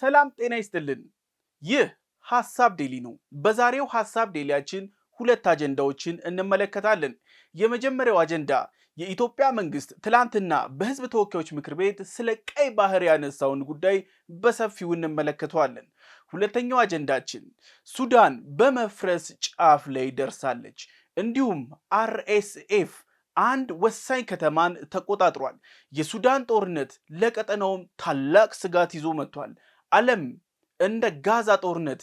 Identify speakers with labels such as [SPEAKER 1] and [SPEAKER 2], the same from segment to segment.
[SPEAKER 1] ሰላም ጤና ይስጥልን። ይህ ሀሳብ ዴሊ ነው። በዛሬው ሀሳብ ዴሊያችን ሁለት አጀንዳዎችን እንመለከታለን። የመጀመሪያው አጀንዳ የኢትዮጵያ መንግስት ትላንትና በህዝብ ተወካዮች ምክር ቤት ስለ ቀይ ባህር ያነሳውን ጉዳይ በሰፊው እንመለከተዋለን። ሁለተኛው አጀንዳችን ሱዳን በመፍረስ ጫፍ ላይ ደርሳለች፣ እንዲሁም አርኤስኤፍ አንድ ወሳኝ ከተማን ተቆጣጥሯል። የሱዳን ጦርነት ለቀጠናውም ታላቅ ስጋት ይዞ መጥቷል። ዓለም እንደ ጋዛ ጦርነት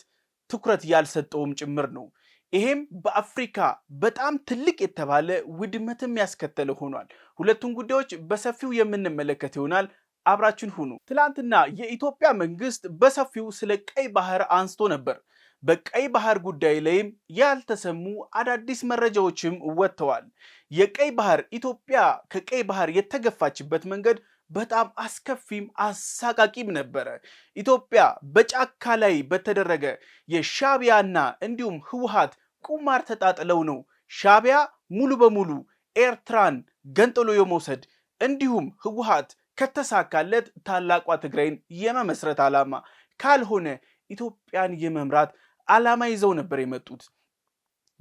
[SPEAKER 1] ትኩረት ያልሰጠውም ጭምር ነው። ይሄም በአፍሪካ በጣም ትልቅ የተባለ ውድመትም ያስከተለ ሆኗል። ሁለቱን ጉዳዮች በሰፊው የምንመለከት ይሆናል። አብራችን ሁኑ። ትላንትና የኢትዮጵያ መንግስት በሰፊው ስለ ቀይ ባህር አንስቶ ነበር። በቀይ ባህር ጉዳይ ላይም ያልተሰሙ አዳዲስ መረጃዎችም ወጥተዋል። የቀይ ባህር ኢትዮጵያ ከቀይ ባህር የተገፋችበት መንገድ በጣም አስከፊም አሳቃቂም ነበረ። ኢትዮጵያ በጫካ ላይ በተደረገ የሻቢያና እንዲሁም ህወሀት ቁማር ተጣጥለው ነው ሻቢያ ሙሉ በሙሉ ኤርትራን ገንጥሎ የመውሰድ እንዲሁም ህወሀት ከተሳካለት ታላቋ ትግራይን የመመስረት ዓላማ ካልሆነ ኢትዮጵያን የመምራት ዓላማ ይዘው ነበር የመጡት።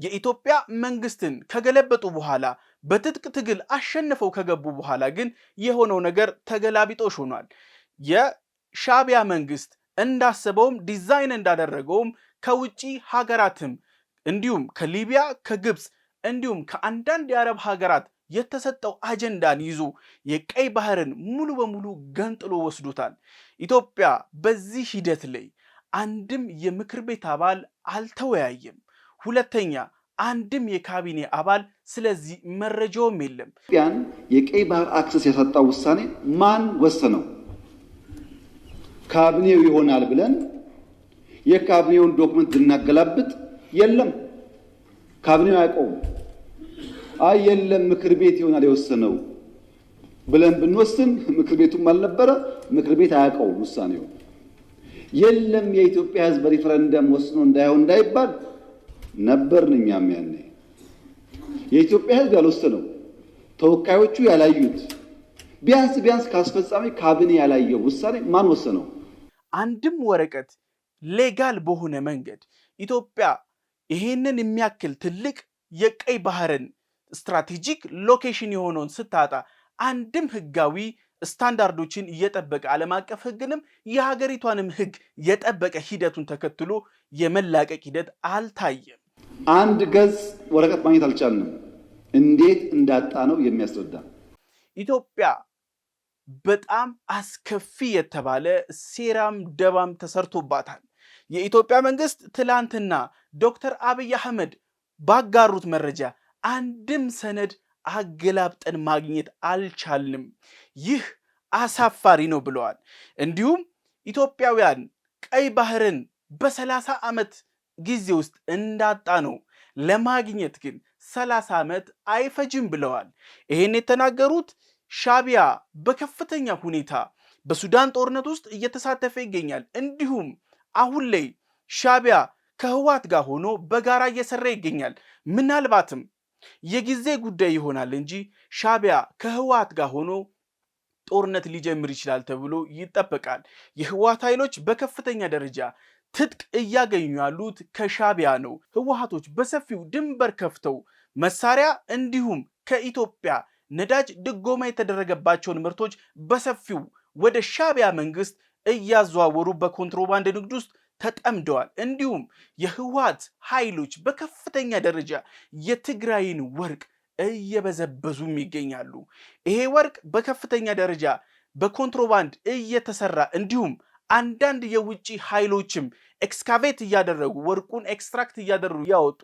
[SPEAKER 1] የኢትዮጵያ መንግስትን ከገለበጡ በኋላ በትጥቅ ትግል አሸንፈው ከገቡ በኋላ ግን የሆነው ነገር ተገላቢጦሽ ሆኗል። የሻቢያ መንግስት እንዳሰበውም ዲዛይን እንዳደረገውም ከውጪ ሀገራትም እንዲሁም ከሊቢያ ከግብፅ እንዲሁም ከአንዳንድ የአረብ ሀገራት የተሰጠው አጀንዳን ይዞ የቀይ ባህርን ሙሉ በሙሉ ገንጥሎ ወስዶታል። ኢትዮጵያ በዚህ ሂደት ላይ አንድም የምክር ቤት አባል አልተወያየም። ሁለተኛ አንድም የካቢኔ አባል ስለዚህ መረጃውም የለም።
[SPEAKER 2] ኢትዮጵያን የቀይ ባህር አክሰስ ያሳጣው ውሳኔ ማን ወሰነው? ካቢኔው ይሆናል ብለን የካቢኔውን ዶክመንት ብናገላብጥ የለም፣ ካቢኔው አያውቀውም። አይ የለም ምክር ቤት ይሆናል የወሰነው ብለን ብንወስን ምክር ቤቱም አልነበረ፣ ምክር ቤት አያውቀውም ውሳኔው የለም የኢትዮጵያ ህዝብ ሪፈረንደም ወስኖ እንዳይሆን እንዳይባል ነበርን እኛም ያኔ። የኢትዮጵያ ህዝብ ያልወሰነው ተወካዮቹ ያላዩት ቢያንስ ቢያንስ ከአስፈጻሚ ካቢኔ ያላየው ውሳኔ ማን ወሰነው?
[SPEAKER 1] አንድም ወረቀት ሌጋል በሆነ መንገድ ኢትዮጵያ ይሄንን የሚያክል ትልቅ የቀይ ባህርን ስትራቴጂክ ሎኬሽን የሆነውን ስታጣ አንድም ህጋዊ ስታንዳርዶችን እየጠበቀ ዓለም አቀፍ ህግንም የሀገሪቷንም ህግ የጠበቀ ሂደቱን ተከትሎ የመላቀቅ ሂደት አልታየም።
[SPEAKER 2] አንድ ገጽ ወረቀት ማግኘት አልቻልንም። እንዴት እንዳጣ ነው የሚያስረዳ።
[SPEAKER 1] ኢትዮጵያ በጣም አስከፊ የተባለ ሴራም ደባም ተሰርቶባታል። የኢትዮጵያ መንግስት ትላንትና ዶክተር አብይ አህመድ ባጋሩት መረጃ አንድም ሰነድ አገላብጠን ማግኘት አልቻልንም። ይህ አሳፋሪ ነው ብለዋል። እንዲሁም ኢትዮጵያውያን ቀይ ባህርን በሰላሳ ዓመት ጊዜ ውስጥ እንዳጣ ነው ለማግኘት ግን ሰላሳ ዓመት አይፈጅም ብለዋል። ይህን የተናገሩት ሻቢያ በከፍተኛ ሁኔታ በሱዳን ጦርነት ውስጥ እየተሳተፈ ይገኛል። እንዲሁም አሁን ላይ ሻቢያ ከህዋት ጋር ሆኖ በጋራ እየሰራ ይገኛል። ምናልባትም የጊዜ ጉዳይ ይሆናል እንጂ ሻቢያ ከህወሓት ጋር ሆኖ ጦርነት ሊጀምር ይችላል ተብሎ ይጠበቃል። የህወሓት ኃይሎች በከፍተኛ ደረጃ ትጥቅ እያገኙ ያሉት ከሻቢያ ነው። ህወሓቶች በሰፊው ድንበር ከፍተው መሳሪያ እንዲሁም ከኢትዮጵያ ነዳጅ ድጎማ የተደረገባቸውን ምርቶች በሰፊው ወደ ሻቢያ መንግስት እያዘዋወሩ በኮንትሮባንድ ንግድ ውስጥ ተጠምደዋል። እንዲሁም የህወሓት ኃይሎች በከፍተኛ ደረጃ የትግራይን ወርቅ እየበዘበዙም ይገኛሉ። ይሄ ወርቅ በከፍተኛ ደረጃ በኮንትሮባንድ እየተሰራ እንዲሁም አንዳንድ የውጭ ኃይሎችም ኤክስካቬት እያደረጉ ወርቁን ኤክስትራክት እያደረጉ ያወጡ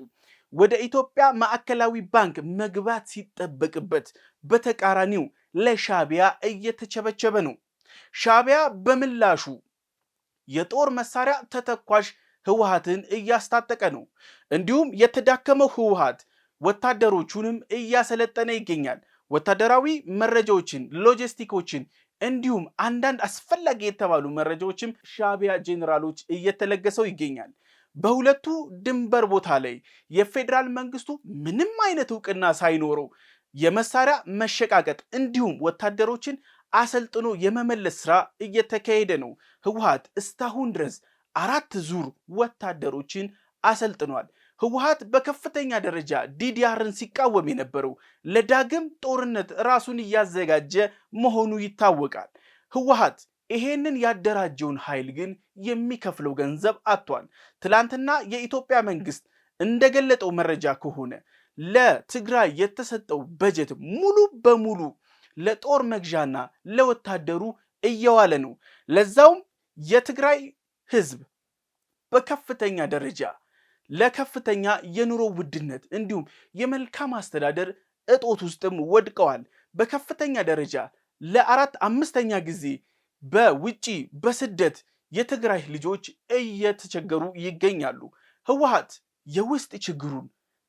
[SPEAKER 1] ወደ ኢትዮጵያ ማዕከላዊ ባንክ መግባት ሲጠበቅበት በተቃራኒው ለሻቢያ እየተቸበቸበ ነው። ሻቢያ በምላሹ የጦር መሳሪያ ተተኳሽ ህወሀትን እያስታጠቀ ነው። እንዲሁም የተዳከመው ህወሀት ወታደሮቹንም እያሰለጠነ ይገኛል። ወታደራዊ መረጃዎችን፣ ሎጂስቲኮችን እንዲሁም አንዳንድ አስፈላጊ የተባሉ መረጃዎችም ሻቢያ ጄኔራሎች እየተለገሰው ይገኛል። በሁለቱ ድንበር ቦታ ላይ የፌዴራል መንግስቱ ምንም አይነት እውቅና ሳይኖረው የመሳሪያ መሸቃቀጥ እንዲሁም ወታደሮችን አሰልጥኖ የመመለስ ስራ እየተካሄደ ነው። ህወሀት እስካሁን ድረስ አራት ዙር ወታደሮችን አሰልጥኗል። ህወሀት በከፍተኛ ደረጃ ዲዲአርን ሲቃወም የነበረው ለዳግም ጦርነት ራሱን እያዘጋጀ መሆኑ ይታወቃል። ህወሀት ይሄንን ያደራጀውን ኃይል ግን የሚከፍለው ገንዘብ አጥቷል። ትላንትና የኢትዮጵያ መንግስት እንደገለጠው መረጃ ከሆነ ለትግራይ የተሰጠው በጀት ሙሉ በሙሉ ለጦር መግዣና ለወታደሩ እየዋለ ነው። ለዛውም የትግራይ ህዝብ በከፍተኛ ደረጃ ለከፍተኛ የኑሮ ውድነት እንዲሁም የመልካም አስተዳደር እጦት ውስጥም ወድቀዋል። በከፍተኛ ደረጃ ለአራት አምስተኛ ጊዜ በውጪ በስደት የትግራይ ልጆች እየተቸገሩ ይገኛሉ። ህወሓት የውስጥ ችግሩን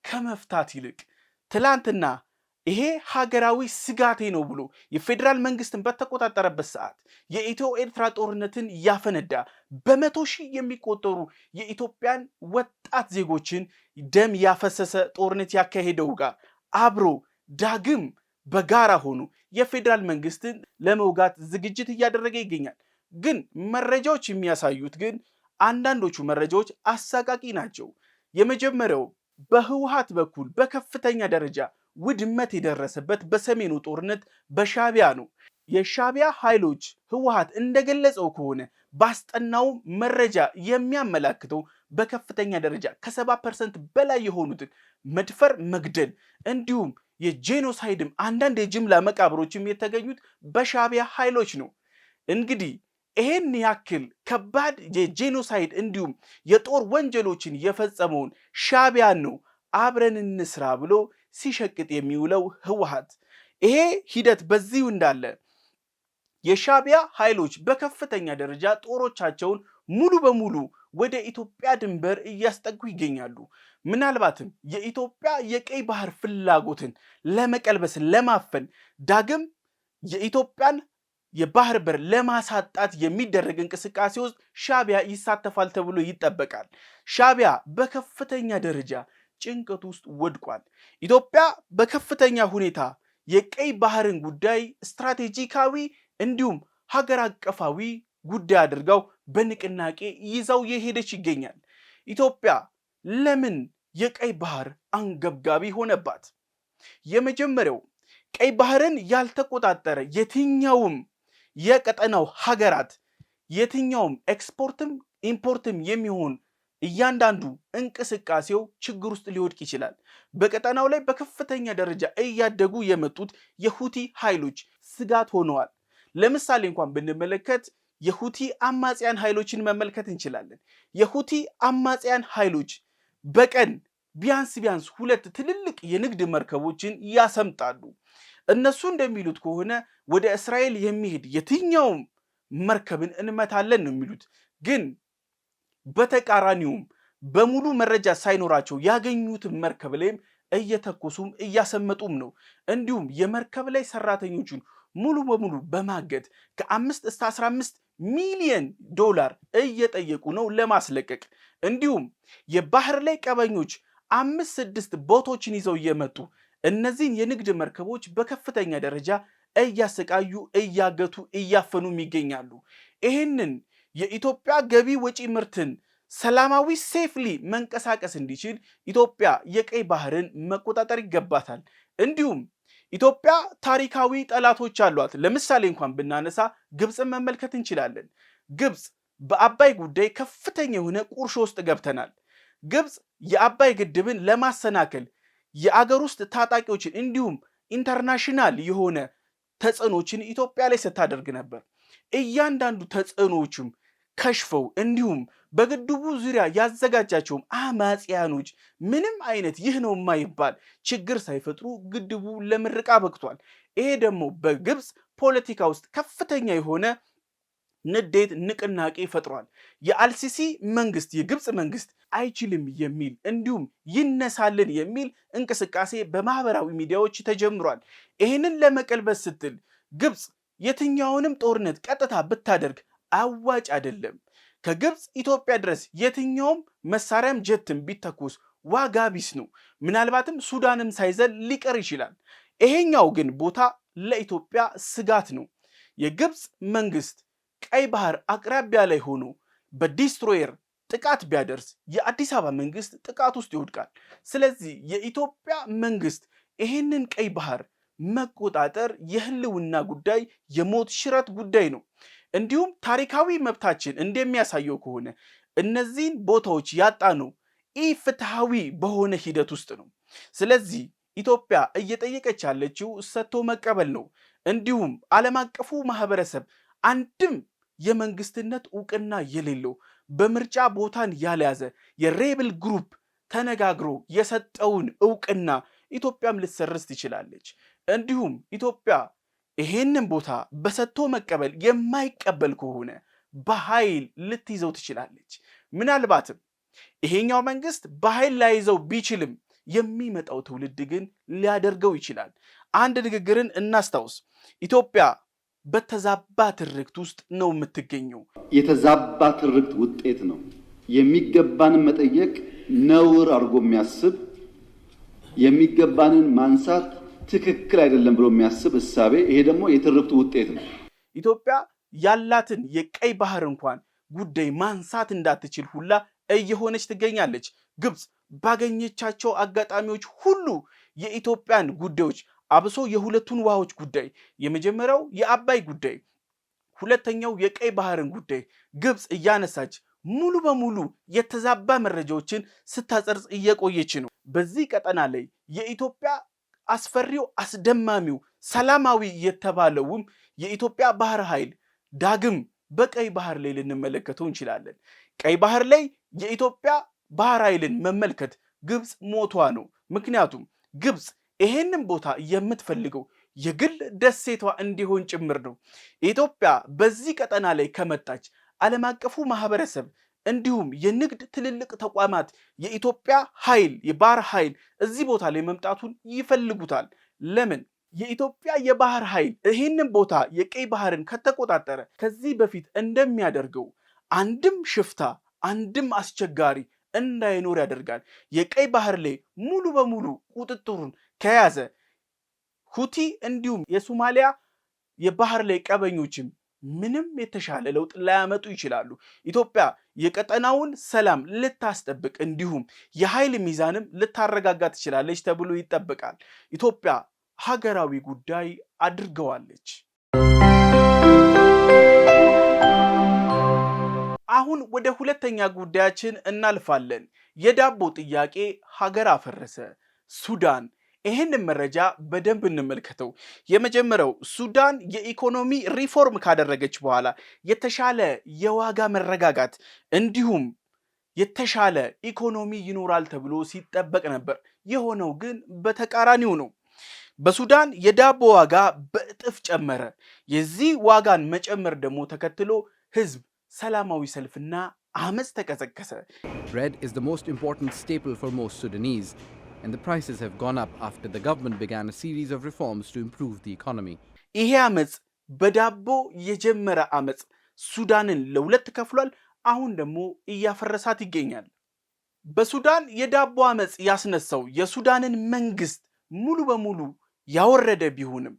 [SPEAKER 1] ከመፍታት ይልቅ ትላንትና ይሄ ሀገራዊ ስጋቴ ነው ብሎ የፌዴራል መንግስትን በተቆጣጠረበት ሰዓት የኢትዮ ኤርትራ ጦርነትን ያፈነዳ በመቶ ሺህ የሚቆጠሩ የኢትዮጵያን ወጣት ዜጎችን ደም ያፈሰሰ ጦርነት ያካሄደው ጋር አብሮ ዳግም በጋራ ሆኖ የፌዴራል መንግስትን ለመውጋት ዝግጅት እያደረገ ይገኛል። ግን መረጃዎች የሚያሳዩት ግን አንዳንዶቹ መረጃዎች አሳቃቂ ናቸው። የመጀመሪያው በህወሓት በኩል በከፍተኛ ደረጃ ውድመት የደረሰበት በሰሜኑ ጦርነት በሻቢያ ነው። የሻቢያ ኃይሎች ህወሓት እንደገለጸው ከሆነ ባስጠናው መረጃ የሚያመላክተው በከፍተኛ ደረጃ ከሰባ ፐርሰንት በላይ የሆኑትን መድፈር፣ መግደል እንዲሁም የጄኖሳይድም አንዳንድ የጅምላ መቃብሮችም የተገኙት በሻቢያ ኃይሎች ነው። እንግዲህ ይሄን ያክል ከባድ የጄኖሳይድ እንዲሁም የጦር ወንጀሎችን የፈጸመውን ሻቢያን ነው አብረን እንስራ ብሎ ሲሸቅጥ የሚውለው ህወሓት ይሄ ሂደት በዚሁ እንዳለ የሻቢያ ኃይሎች በከፍተኛ ደረጃ ጦሮቻቸውን ሙሉ በሙሉ ወደ ኢትዮጵያ ድንበር እያስጠጉ ይገኛሉ። ምናልባትም የኢትዮጵያ የቀይ ባህር ፍላጎትን ለመቀልበስ ለማፈን ዳግም የኢትዮጵያን የባህር በር ለማሳጣት የሚደረግ እንቅስቃሴ ውስጥ ሻቢያ ይሳተፋል ተብሎ ይጠበቃል። ሻቢያ በከፍተኛ ደረጃ ጭንቀት ውስጥ ወድቋል። ኢትዮጵያ በከፍተኛ ሁኔታ የቀይ ባህርን ጉዳይ ስትራቴጂካዊ እንዲሁም ሀገር አቀፋዊ ጉዳይ አድርገው በንቅናቄ ይዛው የሄደች ይገኛል። ኢትዮጵያ ለምን የቀይ ባህር አንገብጋቢ ሆነባት? የመጀመሪያው ቀይ ባህርን ያልተቆጣጠረ የትኛውም የቀጠናው ሀገራት የትኛውም ኤክስፖርትም ኢምፖርትም የሚሆን እያንዳንዱ እንቅስቃሴው ችግር ውስጥ ሊወድቅ ይችላል። በቀጠናው ላይ በከፍተኛ ደረጃ እያደጉ የመጡት የሁቲ ኃይሎች ስጋት ሆነዋል። ለምሳሌ እንኳን ብንመለከት የሁቲ አማጽያን ኃይሎችን መመልከት እንችላለን። የሁቲ አማጽያን ኃይሎች በቀን ቢያንስ ቢያንስ ሁለት ትልልቅ የንግድ መርከቦችን ያሰምጣሉ። እነሱ እንደሚሉት ከሆነ ወደ እስራኤል የሚሄድ የትኛውም መርከብን እንመታለን ነው የሚሉት ግን በተቃራኒውም በሙሉ መረጃ ሳይኖራቸው ያገኙትን መርከብ ላይም እየተኮሱም እያሰመጡም ነው። እንዲሁም የመርከብ ላይ ሰራተኞቹን ሙሉ በሙሉ በማገድ ከአምስት እስከ አስራ አምስት ሚሊየን ዶላር እየጠየቁ ነው ለማስለቀቅ። እንዲሁም የባህር ላይ ቀበኞች አምስት ስድስት ቦቶችን ይዘው እየመጡ እነዚህን የንግድ መርከቦች በከፍተኛ ደረጃ እያሰቃዩ እያገቱ እያፈኑም ይገኛሉ። ይህንን የኢትዮጵያ ገቢ ወጪ ምርትን ሰላማዊ ሴፍሊ መንቀሳቀስ እንዲችል ኢትዮጵያ የቀይ ባህርን መቆጣጠር ይገባታል። እንዲሁም ኢትዮጵያ ታሪካዊ ጠላቶች አሏት። ለምሳሌ እንኳን ብናነሳ ግብፅን መመልከት እንችላለን። ግብፅ በአባይ ጉዳይ ከፍተኛ የሆነ ቁርሾ ውስጥ ገብተናል። ግብፅ የአባይ ግድብን ለማሰናከል የአገር ውስጥ ታጣቂዎችን እንዲሁም ኢንተርናሽናል የሆነ ተጽዕኖችን ኢትዮጵያ ላይ ስታደርግ ነበር። እያንዳንዱ ተጽዕኖዎችም ከሽፈው እንዲሁም በግድቡ ዙሪያ ያዘጋጃቸውም አማጽያኖች ምንም አይነት ይህ ነው የማይባል ችግር ሳይፈጥሩ ግድቡ ለምርቃ በቅቷል። ይሄ ደግሞ በግብፅ ፖለቲካ ውስጥ ከፍተኛ የሆነ ንዴት ንቅናቄ ፈጥሯል። የአልሲሲ መንግስት የግብፅ መንግስት አይችልም የሚል እንዲሁም ይነሳልን የሚል እንቅስቃሴ በማህበራዊ ሚዲያዎች ተጀምሯል። ይህንን ለመቀልበስ ስትል ግብፅ የትኛውንም ጦርነት ቀጥታ ብታደርግ አዋጭ አይደለም። ከግብፅ ኢትዮጵያ ድረስ የትኛውም መሳሪያም ጀትም ቢተኩስ ዋጋ ቢስ ነው። ምናልባትም ሱዳንም ሳይዘል ሊቀር ይችላል። ይሄኛው ግን ቦታ ለኢትዮጵያ ስጋት ነው። የግብፅ መንግስት ቀይ ባህር አቅራቢያ ላይ ሆኖ በዲስትሮየር ጥቃት ቢያደርስ የአዲስ አበባ መንግስት ጥቃት ውስጥ ይወድቃል። ስለዚህ የኢትዮጵያ መንግስት ይህንን ቀይ ባህር መቆጣጠር የህልውና ጉዳይ፣ የሞት ሽረት ጉዳይ ነው። እንዲሁም ታሪካዊ መብታችን እንደሚያሳየው ከሆነ እነዚህን ቦታዎች ያጣነው ኢፍትሐዊ በሆነ ሂደት ውስጥ ነው። ስለዚህ ኢትዮጵያ እየጠየቀች ያለችው ሰጥቶ መቀበል ነው። እንዲሁም ዓለም አቀፉ ማህበረሰብ አንድም የመንግስትነት እውቅና የሌለው በምርጫ ቦታን ያልያዘ የሬብል ግሩፕ ተነጋግሮ የሰጠውን እውቅና ኢትዮጵያም ልትሰርዝ ትችላለች። እንዲሁም ኢትዮጵያ ይሄንን ቦታ በሰጥቶ መቀበል የማይቀበል ከሆነ በኃይል ልትይዘው ትችላለች። ምናልባትም ይሄኛው መንግስት በኃይል ላይዘው ቢችልም የሚመጣው ትውልድ ግን ሊያደርገው ይችላል። አንድ ንግግርን እናስታውስ። ኢትዮጵያ በተዛባ ትርክት ውስጥ ነው የምትገኘው።
[SPEAKER 2] የተዛባ ትርክት ውጤት ነው። የሚገባንን መጠየቅ ነውር አድርጎ የሚያስብ የሚገባንን ማንሳት ትክክል አይደለም ብሎ የሚያስብ እሳቤ፣ ይሄ ደግሞ የትርክቱ ውጤት ነው።
[SPEAKER 1] ኢትዮጵያ ያላትን የቀይ ባህር እንኳን ጉዳይ ማንሳት እንዳትችል ሁላ እየሆነች ትገኛለች። ግብፅ ባገኘቻቸው አጋጣሚዎች ሁሉ የኢትዮጵያን ጉዳዮች አብሶ የሁለቱን ውሃዎች ጉዳይ፣ የመጀመሪያው የአባይ ጉዳይ፣ ሁለተኛው የቀይ ባህርን ጉዳይ ግብፅ እያነሳች ሙሉ በሙሉ የተዛባ መረጃዎችን ስታጸርጽ እየቆየች ነው። በዚህ ቀጠና ላይ የኢትዮጵያ አስፈሪው አስደማሚው ሰላማዊ የተባለውም የኢትዮጵያ ባህር ኃይል ዳግም በቀይ ባህር ላይ ልንመለከተው እንችላለን። ቀይ ባህር ላይ የኢትዮጵያ ባህር ኃይልን መመልከት ግብፅ ሞቷ ነው። ምክንያቱም ግብፅ ይሄንን ቦታ የምትፈልገው የግል ደሴቷ እንዲሆን ጭምር ነው። ኢትዮጵያ በዚህ ቀጠና ላይ ከመጣች ዓለም አቀፉ ማህበረሰብ እንዲሁም የንግድ ትልልቅ ተቋማት የኢትዮጵያ ኃይል የባህር ኃይል እዚህ ቦታ ላይ መምጣቱን ይፈልጉታል። ለምን? የኢትዮጵያ የባህር ኃይል ይህንን ቦታ የቀይ ባህርን ከተቆጣጠረ ከዚህ በፊት እንደሚያደርገው አንድም ሽፍታ አንድም አስቸጋሪ እንዳይኖር ያደርጋል። የቀይ ባህር ላይ ሙሉ በሙሉ ቁጥጥሩን ከያዘ ሁቲ እንዲሁም የሶማሊያ የባህር ላይ ቀበኞችም ምንም የተሻለ ለውጥ ላያመጡ ይችላሉ። ኢትዮጵያ የቀጠናውን ሰላም ልታስጠብቅ እንዲሁም የኃይል ሚዛንም ልታረጋጋ ትችላለች ተብሎ ይጠበቃል። ኢትዮጵያ ሀገራዊ ጉዳይ አድርገዋለች። አሁን ወደ ሁለተኛ ጉዳያችን እናልፋለን። የዳቦ ጥያቄ ሀገር አፈረሰ። ሱዳን ይህንን መረጃ በደንብ እንመልከተው። የመጀመሪያው ሱዳን የኢኮኖሚ ሪፎርም ካደረገች በኋላ የተሻለ የዋጋ መረጋጋት እንዲሁም የተሻለ ኢኮኖሚ ይኖራል ተብሎ ሲጠበቅ ነበር። የሆነው ግን በተቃራኒው ነው። በሱዳን የዳቦ ዋጋ በእጥፍ ጨመረ። የዚህ ዋጋን መጨመር ደግሞ ተከትሎ ህዝብ ሰላማዊ ሰልፍና አመፅ ተቀሰቀሰ።
[SPEAKER 3] and the prices have gone up after the government began a series of reforms to improve the economy.
[SPEAKER 1] ይሄ አመፅ በዳቦ የጀመረ አመፅ ሱዳንን ለሁለት ከፍሏል። አሁን ደግሞ እያፈረሳት ይገኛል። በሱዳን የዳቦ አመፅ ያስነሳው የሱዳንን መንግስት ሙሉ በሙሉ ያወረደ ቢሆንም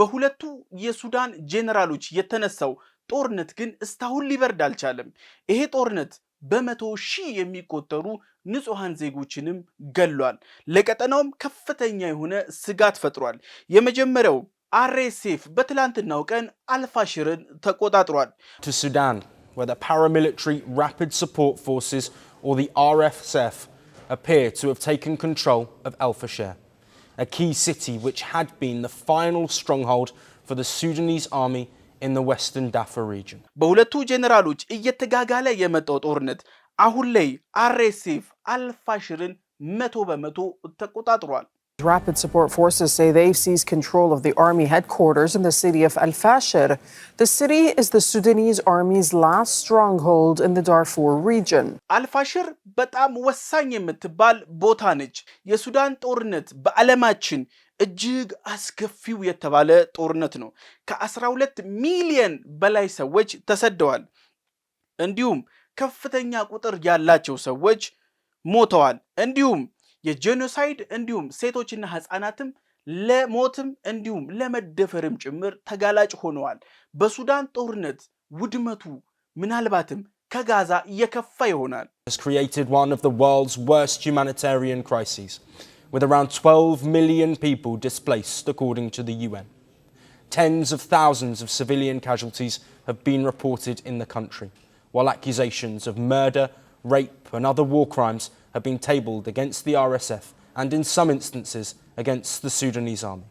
[SPEAKER 1] በሁለቱ የሱዳን ጄኔራሎች የተነሳው ጦርነት ግን እስካሁን ሊበርድ አልቻለም። ይሄ ጦርነት በመቶ ሺህ የሚቆጠሩ ንጹሐን ዜጎችንም ገሏል። ለቀጠናውም ከፍተኛ የሆነ ስጋት ፈጥሯል። የመጀመሪያው አርኤስኤፍ በትላንትናው ቀን አልፋሽርን ተቆጣጥሯል።
[SPEAKER 3] ቱ ሱዳን ወደ ፓራሚሊታሪ ራፒድ ሰፖርት ፎርስስ ኦ ዘ አርኤስኤፍ አፒር ቱ አ ኪ ሲቲ ዊች ሃድ ቢን ዘ ፋይናል ስትሮንግሆልድ ፎር ዘ in the western Darfur region.
[SPEAKER 1] በሁለቱ ጄኔራሎች እየተጋጋለ የመጣው ጦርነት አሁን ላይ አርኤስኤፍ አልፋሽርን መቶ በመቶ ተቆጣጥሯል።
[SPEAKER 4] Rapid support forces say they've seized control of the army headquarters in the city of Al Fashir. The city is the Sudanese army's last stronghold in the Darfur region.
[SPEAKER 1] Al Fashir በጣም ወሳኝ botanich ቦታ Sudan tornet ba alamachin. እጅግ አስከፊው የተባለ ጦርነት ነው። ከ12 ሚሊየን በላይ ሰዎች ተሰደዋል። እንዲሁም ከፍተኛ ቁጥር ያላቸው ሰዎች ሞተዋል። እንዲሁም የጄኖሳይድ እንዲሁም ሴቶችና ህፃናትም ለሞትም እንዲሁም ለመደፈርም ጭምር ተጋላጭ ሆነዋል። በሱዳን ጦርነት ውድመቱ ምናልባትም ከጋዛ እየከፋ ይሆናል።
[SPEAKER 3] with around 12 million people displaced, according to the UN. Tens of thousands of civilian casualties have been reported in the country, while accusations of murder, rape and other war crimes have been tabled against the RSF and in some instances against the Sudanese army.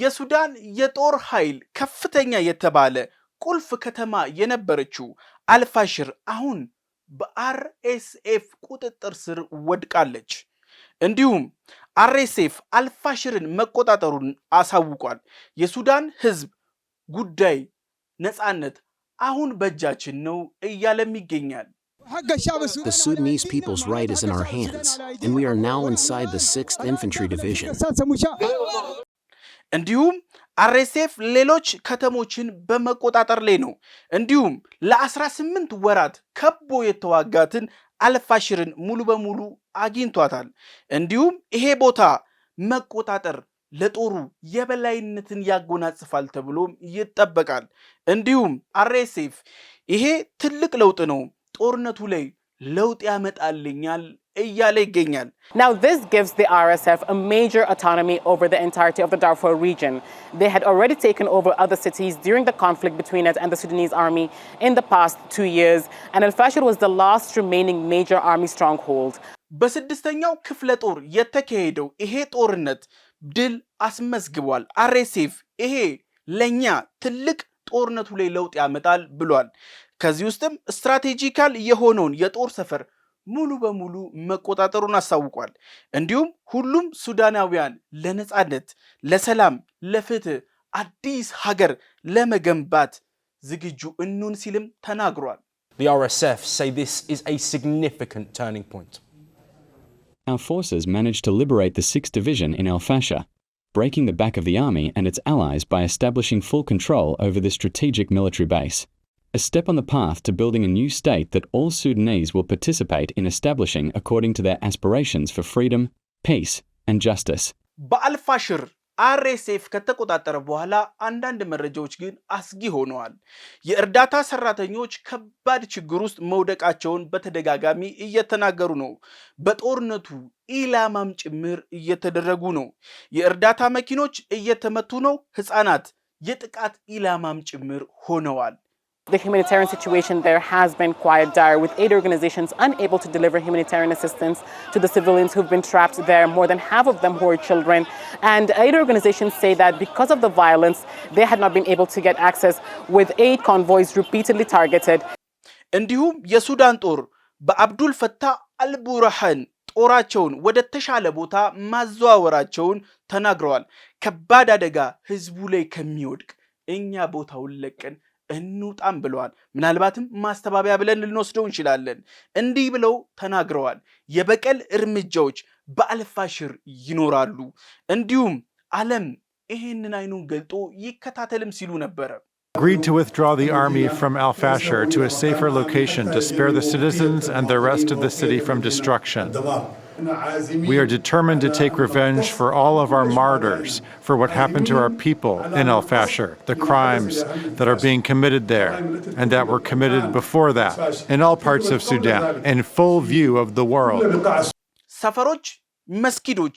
[SPEAKER 1] የሱዳን የጦር ኃይል ከፍተኛ የተባለ ቁልፍ ከተማ የነበረችው አልፋሽር አሁን በአርኤስኤፍ ቁጥጥር ስር ወድቃለች። እንዲሁም አርኤስኤፍ አልፋሽርን መቆጣጠሩን አሳውቋል። የሱዳን ህዝብ ጉዳይ ነፃነት አሁን በእጃችን ነው እያለም ይገኛል።
[SPEAKER 5] The Sudanese people's right is in our hands, and we are now inside the 6th Infantry Division.
[SPEAKER 1] እንዲሁም አርኤስኤፍ ሌሎች ከተሞችን በመቆጣጠር ላይ ነው። እንዲሁም ለ18 ወራት ከቦ የተዋጋትን አልፋሽርን ሙሉ በሙሉ አግኝቷታል። እንዲሁም ይሄ ቦታ መቆጣጠር ለጦሩ የበላይነትን ያጎናጽፋል ተብሎም ይጠበቃል። እንዲሁም አሬሴፍ ይሄ ትልቅ ለውጥ ነው፣ ጦርነቱ ላይ ለውጥ ያመጣልኛል እያለ ይገኛል።
[SPEAKER 4] Now this gives the RSF a major autonomy over the entirety of the Darfur region. They had already taken over other cities during the conflict between it and the Sudanese army in the past two years, and Al-Fashir was the last remaining major army stronghold.
[SPEAKER 1] በስድስተኛው ክፍለ ጦር የተካሄደው ይሄ ጦርነት ድል አስመዝግቧል። አሬሴፍ ይሄ ለእኛ ትልቅ ጦርነቱ ላይ ለውጥ ያመጣል ብሏል። ከዚህ ውስጥም ስትራቴጂካል የሆነውን የጦር ሰፈር ሙሉ በሙሉ መቆጣጠሩን አሳውቋል። እንዲሁም ሁሉም ሱዳናውያን ለነፃነት፣ ለሰላም፣ ለፍትህ አዲስ ሀገር ለመገንባት ዝግጁ እንሁን ሲልም ተናግሯል።
[SPEAKER 3] The RSF say this is a significant turning point. Our forces managed to liberate the 6th Division in Al Fasher, breaking the back of the army and its allies by establishing full control over the strategic military base a step on the path to building a new state that all Sudanese will participate in establishing according to their aspirations for freedom, peace, and justice.
[SPEAKER 1] በአልፋሽር አርኤስኤፍ ከተቆጣጠረ በኋላ አንዳንድ መረጃዎች ግን አስጊ ሆነዋል። የእርዳታ ሰራተኞች ከባድ ችግር ውስጥ መውደቃቸውን በተደጋጋሚ እየተናገሩ ነው። በጦርነቱ ኢላማም ጭምር እየተደረጉ ነው። የእርዳታ መኪኖች እየተመቱ ነው። ህፃናት የጥቃት ኢላማም ጭምር ሆነዋል።
[SPEAKER 4] the humanitarian situation there has been quite dire, with aid organizations unable to deliver humanitarian assistance to the civilians who've been trapped there, more than half of them who are children. And aid organizations say that because of the violence, they had not been able to get access, with aid convoys repeatedly targeted.
[SPEAKER 1] እንዲሁም የሱዳን ጦር በአብዱል ፈታህ አልቡርሃን ጦራቸውን ወደ ተሻለ ቦታ ማዘዋወራቸውን ተናግረዋል። ከባድ አደጋ ህዝቡ ላይ ከሚወድቅ እኛ ቦታውን ለቀን እንውጣም ብለዋል። ምናልባትም ማስተባበያ ብለን ልንወስደው እንችላለን። እንዲህ ብለው ተናግረዋል። የበቀል እርምጃዎች በአልፋሽር ይኖራሉ፣ እንዲሁም ዓለም ይህንን አይኑን ገልጦ ይከታተልም ሲሉ ነበረ።
[SPEAKER 5] agreed to withdraw the army from Al-Fashir to a safer location to spare the citizens and the rest of the city from destruction. We are determined to take revenge for all of our martyrs, for what happened to our people in El Fasher, the crimes that are being committed there and that were committed before that in all parts of Sudan, in full view of the world.
[SPEAKER 1] ሰፈሮች፣ መስጊዶች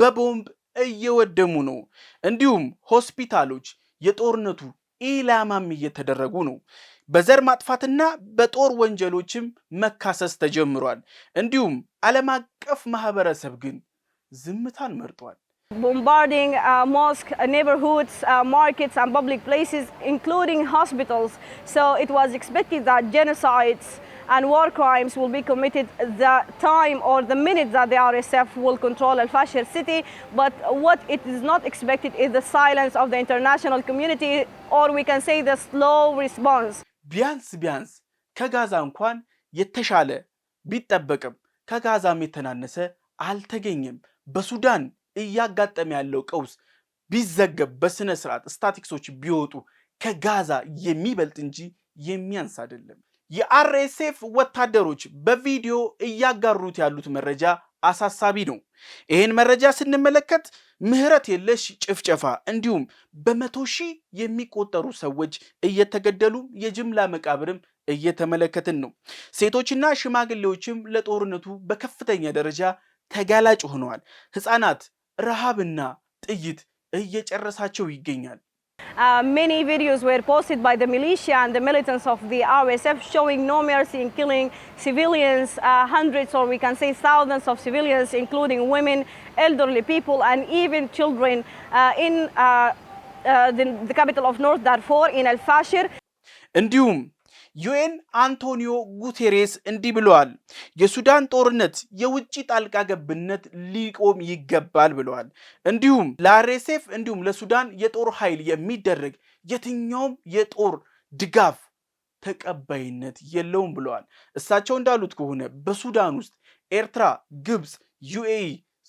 [SPEAKER 1] በቦምብ እየወደሙ ነው። እንዲሁም ሆስፒታሎች የጦርነቱ ኢላማም እየተደረጉ ነው። በዘር ማጥፋትና በጦር ወንጀሎችም መካሰስ ተጀምሯል። እንዲሁም ዓለም አቀፍ ማህበረሰብ ግን ዝምታን መርጧል።
[SPEAKER 6] uh, uh, uh, that genocides and war crimes will be committed the time or the minute that the RSF will control Al-Fashir city. But what it is not expected is the silence of the international community, or we can say the slow response.
[SPEAKER 1] ቢያንስ ቢያንስ ከጋዛ እንኳን የተሻለ ቢጠበቅም ከጋዛም የተናነሰ አልተገኘም። በሱዳን እያጋጠመ ያለው ቀውስ ቢዘገብ በስነ ስርዓት ስታቲክሶች ቢወጡ ከጋዛ የሚበልጥ እንጂ የሚያንስ አይደለም። የአርኤስኤፍ ወታደሮች በቪዲዮ እያጋሩት ያሉት መረጃ አሳሳቢ ነው። ይህን መረጃ ስንመለከት ምህረት የለሽ ጭፍጨፋ እንዲሁም በመቶ ሺህ የሚቆጠሩ ሰዎች እየተገደሉ የጅምላ መቃብርም እየተመለከትን ነው። ሴቶችና ሽማግሌዎችም ለጦርነቱ በከፍተኛ ደረጃ ተጋላጭ ሆነዋል። ሕፃናት ረሃብና ጥይት እየጨረሳቸው ይገኛል።
[SPEAKER 6] Uh, many videos were posted by the militia and the militants of the RSF showing no mercy in killing civilians, uh, hundreds or we can say thousands of civilians, including women, elderly people, and even children uh, in uh, uh, the, the capital of North Darfur, in Al Fashir.
[SPEAKER 1] እንዲሁም ዩኤን አንቶኒዮ ጉቴሬስ እንዲህ ብለዋል። የሱዳን ጦርነት የውጭ ጣልቃ ገብነት ሊቆም ይገባል ብለዋል። እንዲሁም ለአርኤስኤፍ እንዲሁም ለሱዳን የጦር ኃይል የሚደረግ የትኛውም የጦር ድጋፍ ተቀባይነት የለውም ብለዋል። እሳቸው እንዳሉት ከሆነ በሱዳን ውስጥ ኤርትራ፣ ግብፅ፣ ዩኤኢ፣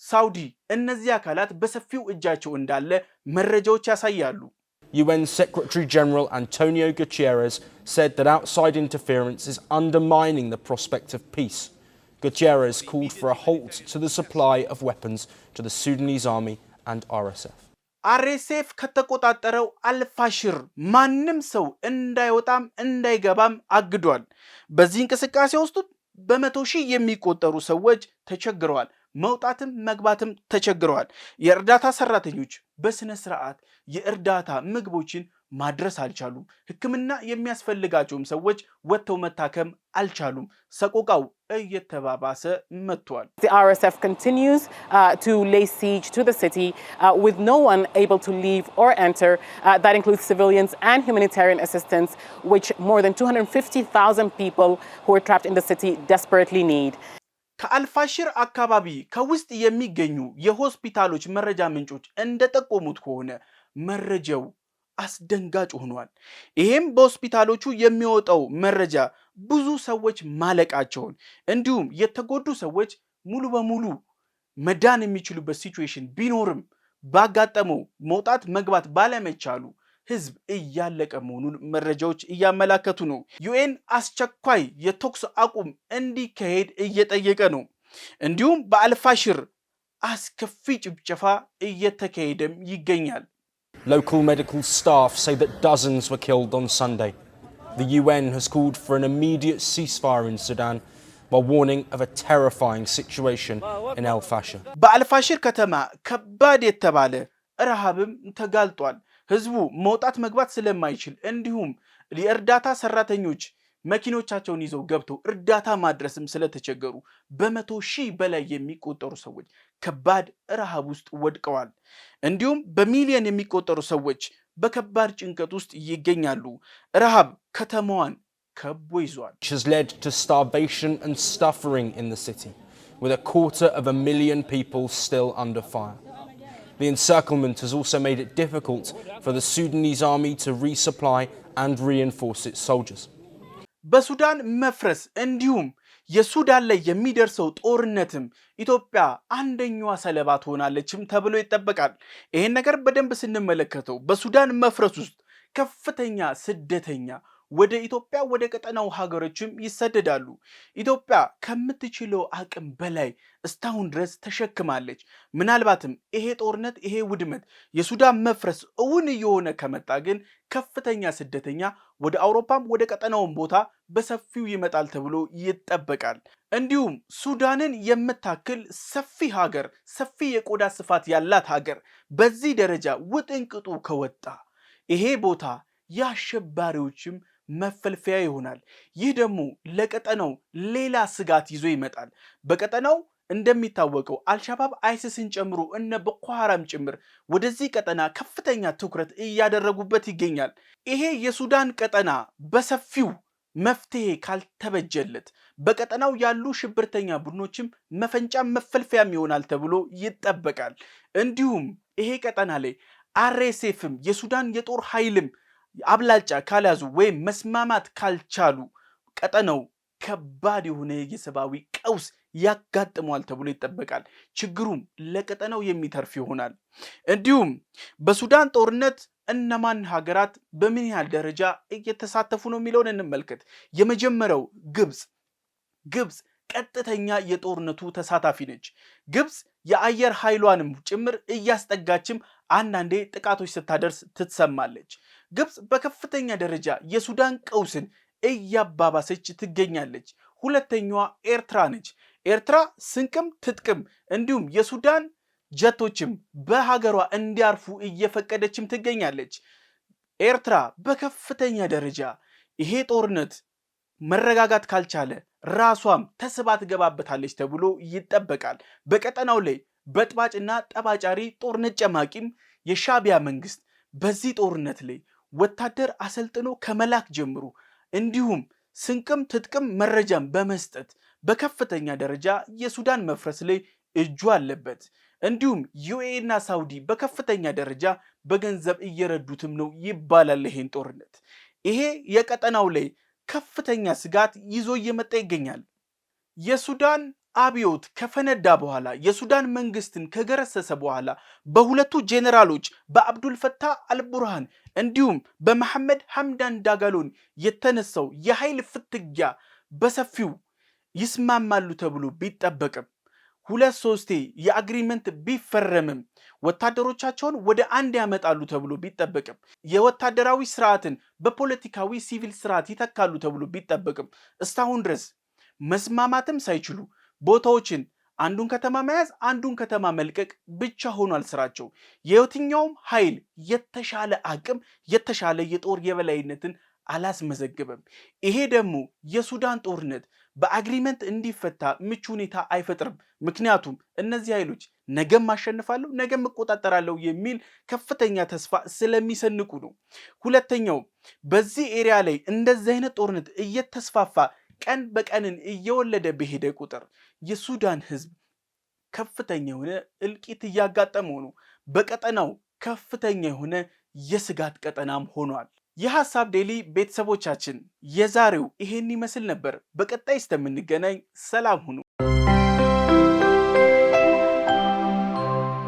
[SPEAKER 1] ሳውዲ እነዚህ አካላት በሰፊው እጃቸው እንዳለ መረጃዎች ያሳያሉ።
[SPEAKER 3] UN Secretary General Antonio Gutierrez said that outside interference is undermining the prospect of peace. Gutierrez called for a halt to the supply of weapons to the Sudanese army and RSF.
[SPEAKER 1] አርኤስኤፍ ከተቆጣጠረው አልፋሽር ማንም ሰው እንዳይወጣም እንዳይገባም አግዷል። በዚህ እንቅስቃሴ ውስጥ በመቶ ሺህ የሚቆጠሩ ሰዎች ተቸግረዋል። መውጣትም መግባትም ተቸግረዋል። የእርዳታ ሰራተኞች በስነ ስርዓት የእርዳታ ምግቦችን ማድረስ አልቻሉም። ሕክምና የሚያስፈልጋቸውም ሰዎች ወጥተው መታከም አልቻሉም። ሰቆቃው እየተባባሰ መጥቷል። ከአልፋሽር አካባቢ ከውስጥ የሚገኙ የሆስፒታሎች መረጃ ምንጮች እንደጠቆሙት ከሆነ መረጃው አስደንጋጭ ሆኗል። ይህም በሆስፒታሎቹ የሚወጣው መረጃ ብዙ ሰዎች ማለቃቸውን እንዲሁም የተጎዱ ሰዎች ሙሉ በሙሉ መዳን የሚችሉበት ሲቹዌሽን ቢኖርም ባጋጠመው መውጣት መግባት ባለመቻሉ ህዝብ እያለቀ መሆኑን መረጃዎች እያመላከቱ ነው። ዩኤን አስቸኳይ የተኩስ አቁም እንዲካሄድ እየጠየቀ ነው። እንዲሁም በአልፋሽር አስከፊ ጭፍጨፋ እየተካሄደም ይገኛል።
[SPEAKER 3] ሎካል ሜዲካል ስታፍ ሴይ ዛት ዶዝንስ ወር ኪልድ ኦን ሰንደይ ዘ ዩኤን ሃዝ ኮልድ ፎር አን ኢሚዲየት ሲስፋየር ኢን ሱዳን
[SPEAKER 1] በአልፋሽር ከተማ ከባድ የተባለ ረሃብም ተጋልጧል። ህዝቡ መውጣት መግባት ስለማይችል እንዲሁም የእርዳታ ሰራተኞች መኪኖቻቸውን ይዘው ገብተው እርዳታ ማድረስም ስለተቸገሩ በመቶ ሺህ በላይ የሚቆጠሩ ሰዎች ከባድ ረሃብ ውስጥ ወድቀዋል። እንዲሁም በሚሊዮን የሚቆጠሩ ሰዎች በከባድ ጭንቀት ውስጥ ይገኛሉ። ረሃብ ከተማዋን ከቦ ይዟል።
[SPEAKER 3] The encirclement has also made it difficult for the Sudanese army to resupply and reinforce its soldiers.
[SPEAKER 1] በሱዳን መፍረስ እንዲሁም የሱዳን ላይ የሚደርሰው ጦርነትም ኢትዮጵያ አንደኛዋ ሰለባ ትሆናለችም ተብሎ ይጠበቃል። ይህን ነገር በደንብ ስንመለከተው በሱዳን መፍረስ ውስጥ ከፍተኛ ስደተኛ ወደ ኢትዮጵያ ወደ ቀጠናው ሀገሮችም ይሰደዳሉ። ኢትዮጵያ ከምትችለው አቅም በላይ እስካሁን ድረስ ተሸክማለች። ምናልባትም ይሄ ጦርነት፣ ይሄ ውድመት፣ የሱዳን መፍረስ እውን እየሆነ ከመጣ ግን ከፍተኛ ስደተኛ ወደ አውሮፓም ወደ ቀጠናውን ቦታ በሰፊው ይመጣል ተብሎ ይጠበቃል። እንዲሁም ሱዳንን የምታክል ሰፊ ሀገር፣ ሰፊ የቆዳ ስፋት ያላት ሀገር በዚህ ደረጃ ውጥንቅጡ ከወጣ ይሄ ቦታ የአሸባሪዎችም መፈልፈያ ይሆናል። ይህ ደግሞ ለቀጠናው ሌላ ስጋት ይዞ ይመጣል። በቀጠናው እንደሚታወቀው አልሻባብ አይሲስን ጨምሮ እነ ቦኮ ጭምር ወደዚህ ቀጠና ከፍተኛ ትኩረት እያደረጉበት ይገኛል። ይሄ የሱዳን ቀጠና በሰፊው መፍትሄ ካልተበጀለት በቀጠናው ያሉ ሽብርተኛ ቡድኖችም መፈንጫ መፈልፈያም ይሆናል ተብሎ ይጠበቃል። እንዲሁም ይሄ ቀጠና ላይ አርኤስኤፍም የሱዳን የጦር ኃይልም አብላጫ ካልያዙ ወይም መስማማት ካልቻሉ ቀጠነው ከባድ የሆነ የሰብአዊ ቀውስ ያጋጥመዋል ተብሎ ይጠበቃል። ችግሩም ለቀጠነው የሚተርፍ ይሆናል። እንዲሁም በሱዳን ጦርነት እነማን ሀገራት በምን ያህል ደረጃ እየተሳተፉ ነው የሚለውን እንመልከት። የመጀመሪያው ግብፅ። ግብፅ ቀጥተኛ የጦርነቱ ተሳታፊ ነች። ግብፅ የአየር ኃይሏንም ጭምር እያስጠጋችም አንዳንዴ ጥቃቶች ስታደርስ ትሰማለች። ግብፅ በከፍተኛ ደረጃ የሱዳን ቀውስን እያባባሰች ትገኛለች። ሁለተኛዋ ኤርትራ ነች። ኤርትራ ስንቅም ትጥቅም እንዲሁም የሱዳን ጀቶችም በሀገሯ እንዲያርፉ እየፈቀደችም ትገኛለች። ኤርትራ በከፍተኛ ደረጃ ይሄ ጦርነት መረጋጋት ካልቻለ ራሷም ተስባ ትገባበታለች ተብሎ ይጠበቃል። በቀጠናው ላይ በጥባጭና ጠባጫሪ ጦርነት ጨማቂም የሻቢያ መንግስት በዚህ ጦርነት ላይ ወታደር አሰልጥኖ ከመላክ ጀምሮ እንዲሁም ስንቅም ትጥቅም መረጃም በመስጠት በከፍተኛ ደረጃ የሱዳን መፍረስ ላይ እጁ አለበት። እንዲሁም ዩኤ እና ሳውዲ በከፍተኛ ደረጃ በገንዘብ እየረዱትም ነው ይባላል። ይሄን ጦርነት ይሄ የቀጠናው ላይ ከፍተኛ ስጋት ይዞ እየመጣ ይገኛል። የሱዳን አብዮት ከፈነዳ በኋላ የሱዳን መንግስትን ከገረሰሰ በኋላ በሁለቱ ጄኔራሎች በአብዱልፈታህ አልቡርሃን እንዲሁም በመሐመድ ሐምዳን ዳጋሎን የተነሳው የኃይል ፍትጊያ በሰፊው ይስማማሉ ተብሎ ቢጠበቅም ሁለት ሶስቴ የአግሪመንት ቢፈረምም ወታደሮቻቸውን ወደ አንድ ያመጣሉ ተብሎ ቢጠበቅም የወታደራዊ ስርዓትን በፖለቲካዊ ሲቪል ስርዓት ይተካሉ ተብሎ ቢጠበቅም እስካሁን ድረስ መስማማትም ሳይችሉ ቦታዎችን አንዱን ከተማ መያዝ አንዱን ከተማ መልቀቅ ብቻ ሆኗል ስራቸው። የየትኛውም ኃይል የተሻለ አቅም፣ የተሻለ የጦር የበላይነትን አላስመዘግበም። ይሄ ደግሞ የሱዳን ጦርነት በአግሪመንት እንዲፈታ ምቹ ሁኔታ አይፈጥርም። ምክንያቱም እነዚህ ኃይሎች ነገም አሸንፋለሁ፣ ነገም እቆጣጠራለሁ የሚል ከፍተኛ ተስፋ ስለሚሰንቁ ነው። ሁለተኛው በዚህ ኤሪያ ላይ እንደዚህ አይነት ጦርነት እየተስፋፋ ቀን በቀንን እየወለደ በሄደ ቁጥር የሱዳን ህዝብ ከፍተኛ የሆነ እልቂት እያጋጠመው ነው። በቀጠናው ከፍተኛ የሆነ የስጋት ቀጠናም ሆኗል። የሀሳብ ዴሊ ቤተሰቦቻችን የዛሬው ይሄን ይመስል ነበር። በቀጣይ እስከምንገናኝ ሰላም ሁኑ።